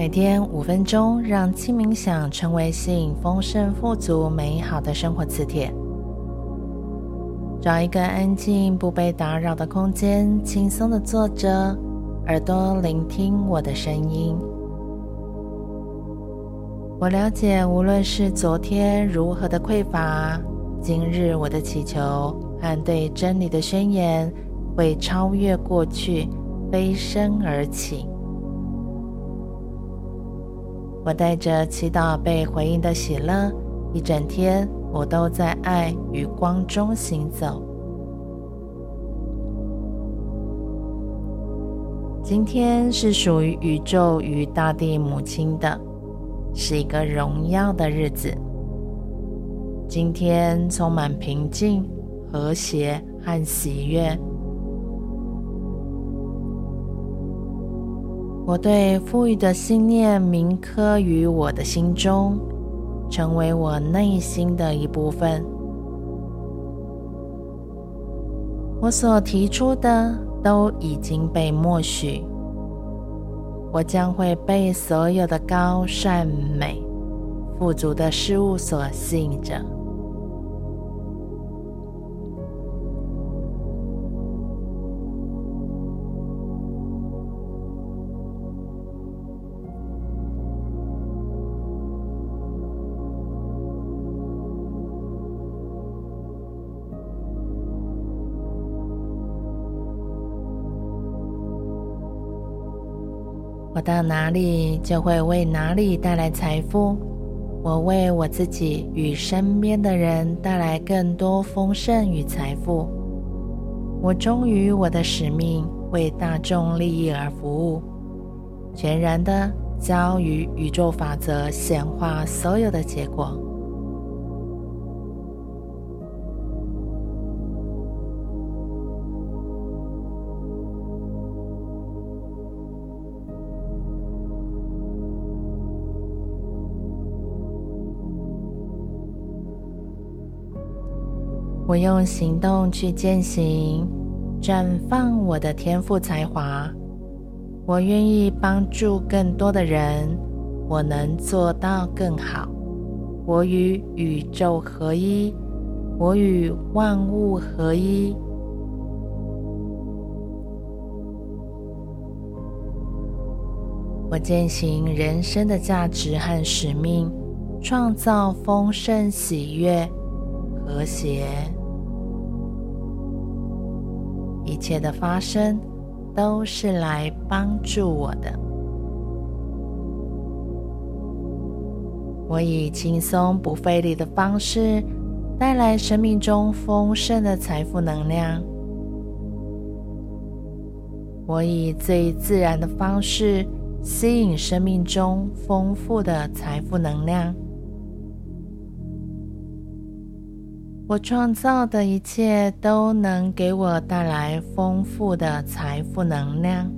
每天五分鐘，讓輕冥想成為吸引豐盛、富足、美好的生活磁鐵。找一個安靜、不被打擾的空間，輕鬆的坐着，耳朵聆聽我的聲音。我了解，無論是昨天如何的匱乏，今日我的祈求和對真理的宣言，會超越過去，飛升而起。我帶着祈禱被回應的喜樂，一整天我都在愛與光中行走。今天是屬於宇宙與大地母親的，是一個榮耀的日子。今天充滿平靜、和諧和喜悅。我對富裕的信念銘刻於我的心中，成為我內心的一部分。我所提出的都已經被默許，我將會被所有的高善美、富足的事物所吸引着。我到哪裡就會為哪裡帶來財富，我為我自己與身邊的人帶來更多豐盛與財富。我忠於我的使命，為大眾利益而服務，全然的交於宇宙法則顯化所有的結果。我用行動去踐行，綻放我的天賦才華。我願意幫助更多的人，我能做到更好。我與宇宙合一，我與萬物合一。我踐行人生的價值和使命，創造豐盛、喜悅、和諧。一切的發生都是來幫助我的。我以輕鬆不費力的方式帶來生命中豐盛的財富能量。我以最自然的方式吸引生命中豐富的財富能量。我創造的一切都能給我帶來豐富的財富能量，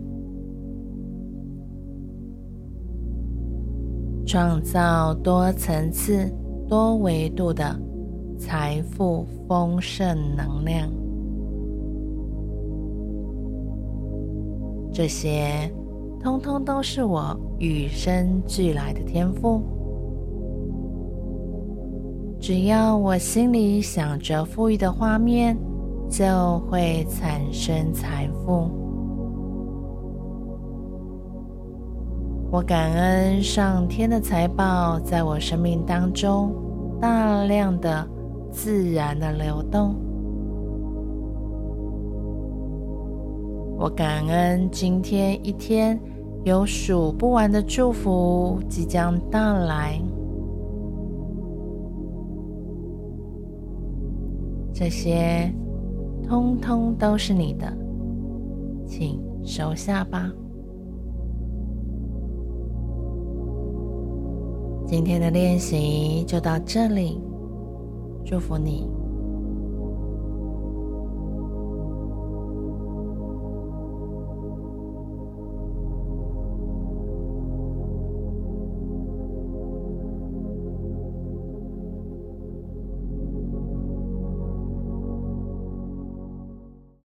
創造多層次、多維度的財富豐盛能量。這些通通都是我與生俱來的天賦。只要我心裡想着富裕的畫面，就會產生財富。我感恩上天的財寶在我生命當中大量的自然的流動。我感恩今天一天有數不完的祝福即將到來。這些，通通都是你的，請收下吧。今天的練習就到這裡，祝福你。